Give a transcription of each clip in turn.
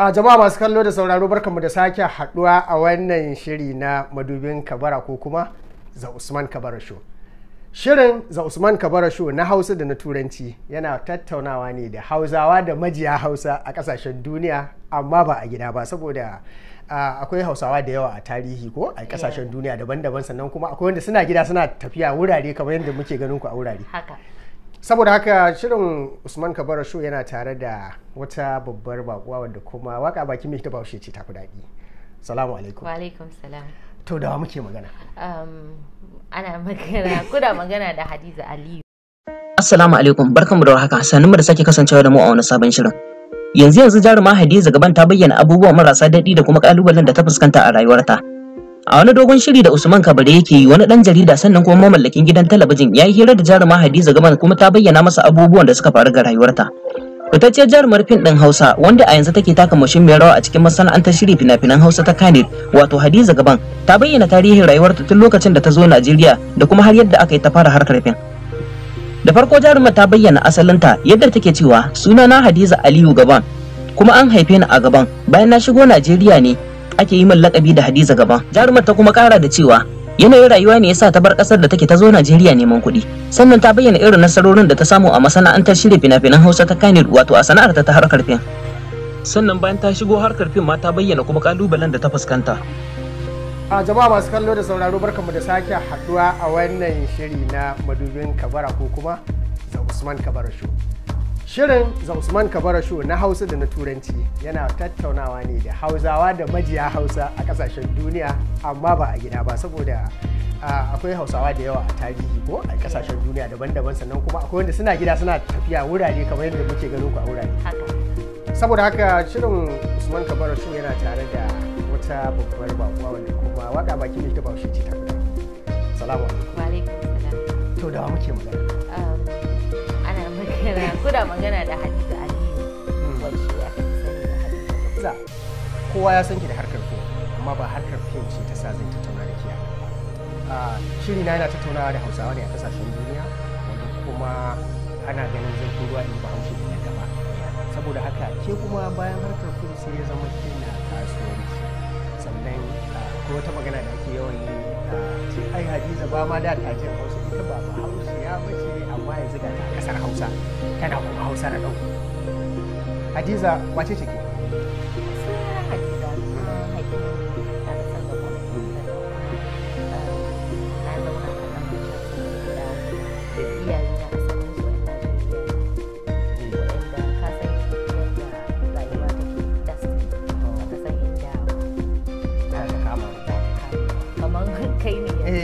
a jama'a masu kallo da sauraro barkanmu da sake haduwa a wannan shiri na madubin kabara ko kuma za usman kabara show shirin za usman kabara show na hausa da na turanci yana tattaunawa ne da hausawa da majiya hausa a kasashen duniya amma ba a gida ba saboda akwai hausawa da yawa a tarihi ko a kasashen duniya daban-daban sannan kuma akwai wanda suna gida suna tafiya wurare kamar yadda muke ganin ku a wurare saboda haka shirin usman kabara show yana tare da wata babbar bakuwa wadda kuma waka baki mai ta bahaushe ce tafi daɗi salamu alaikum wa alaikum salam to da muke magana um, ana magana kuda magana da hadiza aliyu assalamu alaikum barkanmu da warhaka sanin mu da sake kasancewa da mu a wani sabon shirin yanzu yanzu jaruma hadiza gaban ta bayyana abubuwa marasa daɗi da kuma kalubalen da ta fuskanta a rayuwarta a wani dogon shiri da Usman Kabare yake yi wani dan jarida sannan kuma mamallakin gidan talabijin ya yi hira da jaruma Hadiza Gaban kuma ta bayyana masa abubuwan da suka faru ga rayuwarta. Fitacciyar jarumar fin ɗin Hausa wanda a yanzu take taka mashin mai rawa a cikin masana'antar shiri fina-finan Hausa ta Kanil wato Hadiza Gaban ta bayyana tarihin rayuwarta tun lokacin da ta zo Najeriya da kuma har yadda aka yi ta fara harkar fin. Da farko jarumar ta bayyana asalinta yadda take cewa sunana Hadiza Aliyu Gaban kuma an haife ni a Gaban bayan na shigo Najeriya ne ake yi min lakabi da Hadiza gaba. Jarumar ta kuma kara da cewa yanayin rayuwa ne yasa ta bar kasar da take ta zo Najeriya neman kuɗi. Sannan ta bayyana irin nasarorin da ta samu a masana'antar shirya fina-finan Hausa ta Kanil wato a sana'ar ta harkar fim. Sannan bayan ta shigo harkar fim ma ta bayyana kuma kalubalen da ta fuskanta. a jama'a masu kallo da sauraro barkanmu da sake haduwa a wannan shiri na madubin kabara ko kuma da Usman Kabara Show. Shirin za Usman Kabarashu na Hausa da na Turanci yana tattaunawa ne da Hausawa da majiya Hausa a kasashen duniya amma ba a gida ba saboda akwai Hausawa da yawa a tarihi ko a kasashen duniya daban-daban sannan kuma akwai wanda suna gida suna tafiya wurare kamar yadda muke gano ku a wurare. Saboda haka shirin Usman Kabarashu yana tare da wata babbar bakuwa wanda kuma waka baki ne ta baushe ce ta fita. Salamu alaikum. Wa alaikum salam. To da muke magana. kenan kuna magana da Hadiza Aliyu hmm. wacce ya fi sani da Hadiza kowa ya san ki da harkar fim amma ba harkar fim ce ta sa zan tattauna da kiya ah, shiri na yana tattaunawa da Hausawa ne a kasashen duniya wanda kuma ana ganin zan ruwa in ba haushi da gaba saboda haka ke kuma bayan harkar fim sai ya zama kina kasuwanci sannan ah, ko wata magana da ake yawan yi ah, ce ai Hadiza ba ma da kajin Hausa ita ba bahaushiya ba ce amma yanzu ga kasar hausa tana kuma hausa da ɗau hadiza wace ce ke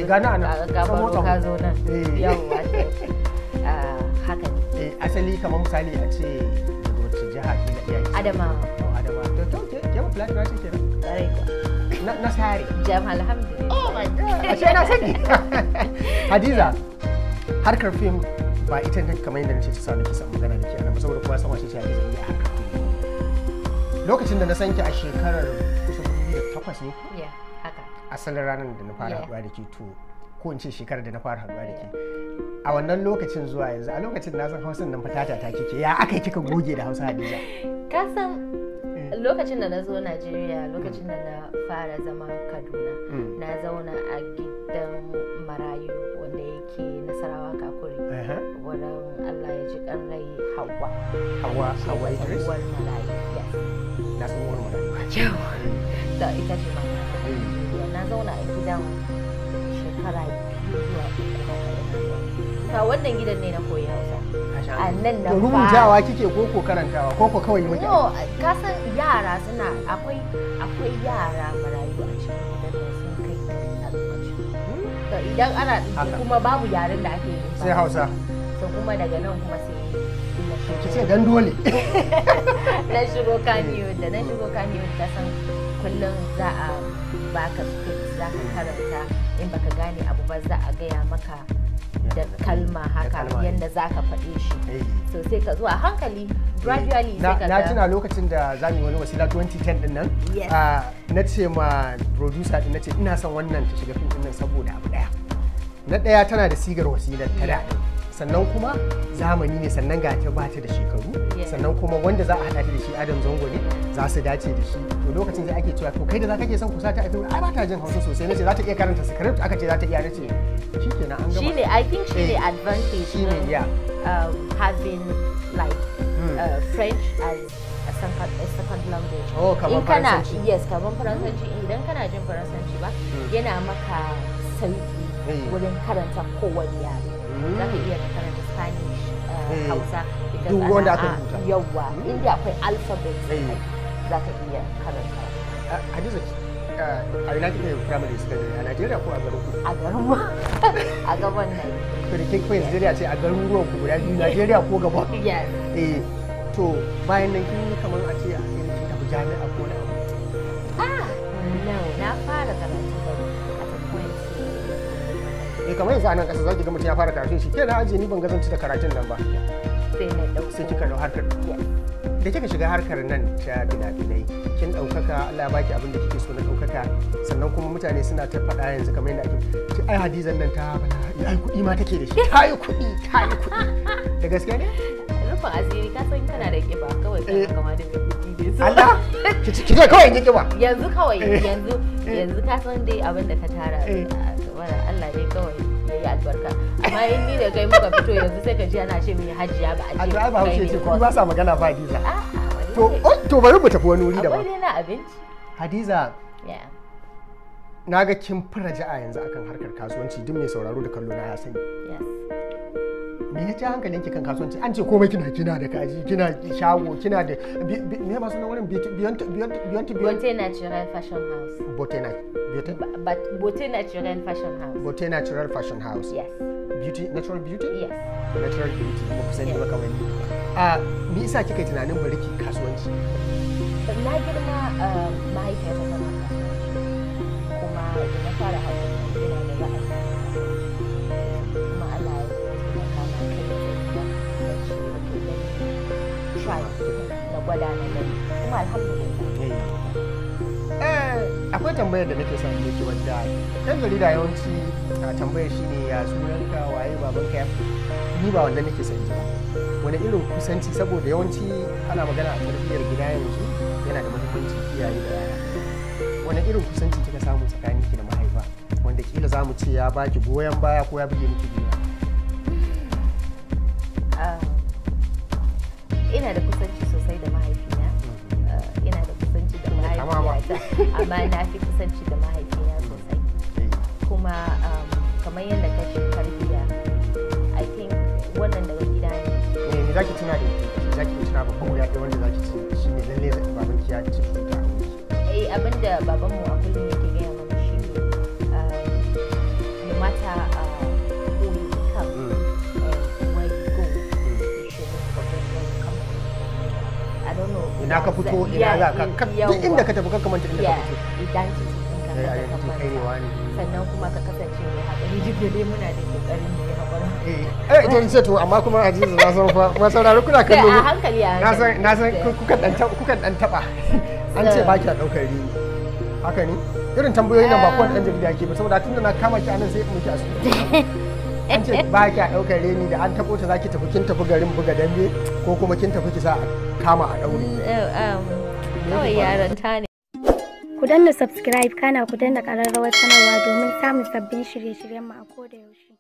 gana a nan ka ka zo nan eh. yawwa ah, haka ne eh, asali kamar misali a ce daga wacce jiha ke na iyaye adamawa oh, adamawa to to ke ke fulani na shi kenan na na sare jam alhamdulillah oh my god ashe na sani hadiza harkar fim ba ita ne kamar yadda nace ta samu nake samu magana da ke ana saboda kowa sama shi ce hadiza ne harkar fim lokacin da na san ki a shekarar 2008 ne asalin ranar da na fara haɗuwa da ke to ko in ce shekarar da na fara haɗuwa da ke a wannan lokacin zuwa yanzu a lokacin na san hausan nan fatata ta kike ya aka yi kika goge da hausa hadiza ka san eh. lokacin da na zo najeriya lokacin da na fara zama kaduna mm. na zauna a gidan marayu wanda yake nasarawa kakuri uh-huh. wurin allah ya ji kan rai hawa hawa hawa idris marayu na san uwar marayu da ita ce mama na zauna a gidan shekara biyu zuwa uku wannan gidan ne na koyi hausa a nan na rubutawa kike ko ko karantawa ko ko kawai muke no ka san yara suna akwai akwai yara marayu a cikin gidan da sun kai dari a lokacin idan ana kuma babu yaren da ake yi sai hausa so kuma daga nan kuma sai ki ce dan dole na shigo kamiyo da na shigo kamiyo ta san kullum za a baka script za ka karanta in baka gane abu ba za a gaya maka da kalma haka yadda za ka faɗe shi eh. so sai ka zuwa hankali gradually eh. sai ka na tuna lokacin da za mu yi wani wasila 2010 din nan ah, na ce ma producer din na ce ina son wannan ta shiga fim din nan saboda abu daya na daya tana da sigar wasilar ta da sannan kuma zamani ne sannan ga ta bata da shekaru sannan kuma wanda za a hada da shi adam zango ne za su dace da shi to lokacin sai ake cewa to kai da za kake son kusa ta a ai ba ta jin hausa sosai nace za ta iya karanta script aka ce za ta iya nace shikenan an gama shine i think shine eh. advantage shine yeah um, having like hmm. uh, french as a second, language oh kamar faransanci yes kamar hmm. faransanci idan kana jin faransanci ba hmm. yana maka sauki wurin karanta kowane yare Uh, mm. mm. za ka iya karanta spanish hausa idan wanda a rubuta inda akwai alphabet za ka iya karanta hadiza a ina kika yi primary study a Najeriya ko a garin ku? A garin A gaban nan. Kirkin Queen Najeriya ce a garin ruwan ku guda biyu Najeriya ko gaba? Eh to bayan nan kin kamar a ce a kamar yanzu a nan zaki ga mutum ya fara karatu shi ke na ajiye ni ban gazanci da karatun nan ba sai na dauko sai kika dau harkar da kika shiga harkar nan ta bina kin daukaka Allah ya baki abin da kike so na ɗaukaka sannan kuma mutane suna ta faɗa yanzu kamar yanda ake ai hadizan nan ta bala ai kuɗi ma take da shi ta yi kuɗi ta yi kuɗi da gaske ne rufin asiri ka san kana da kiba kawai eh. ka kama da Allah ki ce kawai yin kiba yanzu kawai eh. yanzu yanzu ka san dai abin da ka tara eh. mana Allah ne kawai ya yi albarka amma in ni da kai muka fito yanzu sai ka ji ana ce mini ya ba a ce ba ba ce ko ba sa magana ba Hadiza to oh, to bari mu tafi wani wuri da ba akwai na abinci Hadiza na ga kin fara ja'a yanzu akan harkar kasuwanci duk mai sauraro da kallo na ya sani me ya ci hankalin ki kan kasuwanci an ce komai kina kina da kaji kina shago kina da me ba sunan wurin beauty beauty beauty beauty natural fashion house beauty na beauty beauty natural fashion house beauty natural fashion house yes beauty natural beauty yes natural beauty kuma kusan ne maka wani a me yasa kika tunanin bari ki kasuwanci na girma eh, mahaifiyata tana kuma na fara hawa ina da ba'a Eh. Eh, akwai tambayar da nake miki jarida yawanci a tambayar shi ne ya sunanka waye ni ba wanda nake son ba wani irin kusanci saboda yawanci ana magana a tarbiyyar gida yanzu yana da iyaye da yara wani irin kusanci kika samu tsakanin ki da mahaifa wanda kila ce ya baki goyon baya ko ya buge miki ah. ina da kusanci nisa amma na fi kusanci da mahaifina sosai kuma um, kamar yadda ka ce tarbiyya i think wannan daga gida ne eh, me zaki tuna da zaki tuna babban wuya ɗaya wanda zaki ci shine lalle babanki ya ci cuta eh abinda babanmu a kullum yake ina ka fito ina za ka duk inda ka tafi kanka manta inda ka fito idan ki sannan kuma ka kasance mai hakuri duk da dai muna da kokarin da ya eh to ni ce to amma kuma azizu na san fa kuma sauraro kuna kallo a hankali a na san na san kukan dan kukan dan taba an ce ba ki daukar ri. haka ne irin tambayoyin nan ba ah. kowanne dan jarida yake ba saboda tunda na kama ki anan sai mu ki asu. an ce ba ki a ɗaukar reni da an taɓo ta za ki tafi kin tafi garin buga dambe ko kuma kin tafi ki sa a kama a ɗaure. Mm, eh, um, kawai yaran ta ne. Ku danna subscribe kana ku danna ƙararrawar sanarwa domin samun sabbin shirye-shiryen mu a koda yaushe.